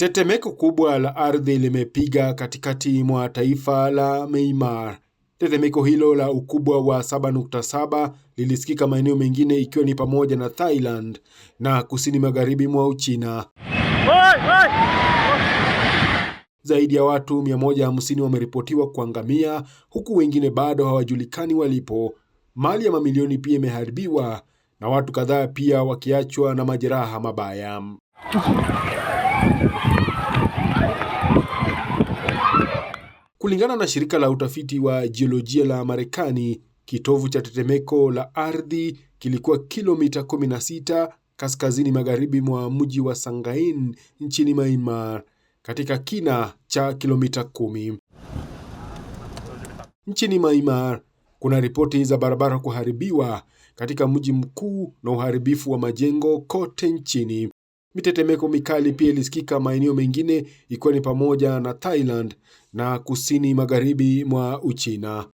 Tetemeko kubwa la ardhi limepiga katikati mwa taifa la Myanmar. Tetemeko hilo la ukubwa wa 7.7 lilisikika maeneo mengine ikiwa ni pamoja na Thailand na kusini magharibi mwa Uchina. Zaidi ya watu 150 wameripotiwa kuangamia huku wengine bado hawajulikani walipo. Mali ya mamilioni pia imeharibiwa na watu kadhaa pia wakiachwa na majeraha mabaya. Kulingana na shirika la utafiti wa jiolojia la Marekani, kitovu cha tetemeko la ardhi kilikuwa kilomita 16 kaskazini magharibi mwa mji wa Sangain nchini Myanmar katika kina cha kilomita kumi. Nchini Myanmar kuna ripoti za barabara kuharibiwa katika mji mkuu na uharibifu wa majengo kote nchini. Mitetemeko mikali pia ilisikika maeneo mengine ikiwa ni pamoja na Thailand na kusini magharibi mwa Uchina.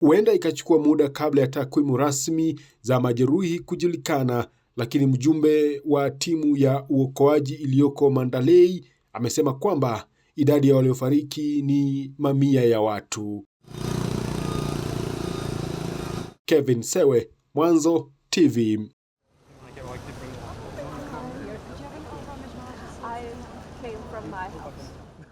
Huenda ikachukua muda kabla ya takwimu rasmi za majeruhi kujulikana, lakini mjumbe wa timu ya uokoaji iliyoko Mandalay amesema kwamba idadi ya waliofariki ni mamia ya watu. Kevin Sewe, Mwanzo TV. came from my house.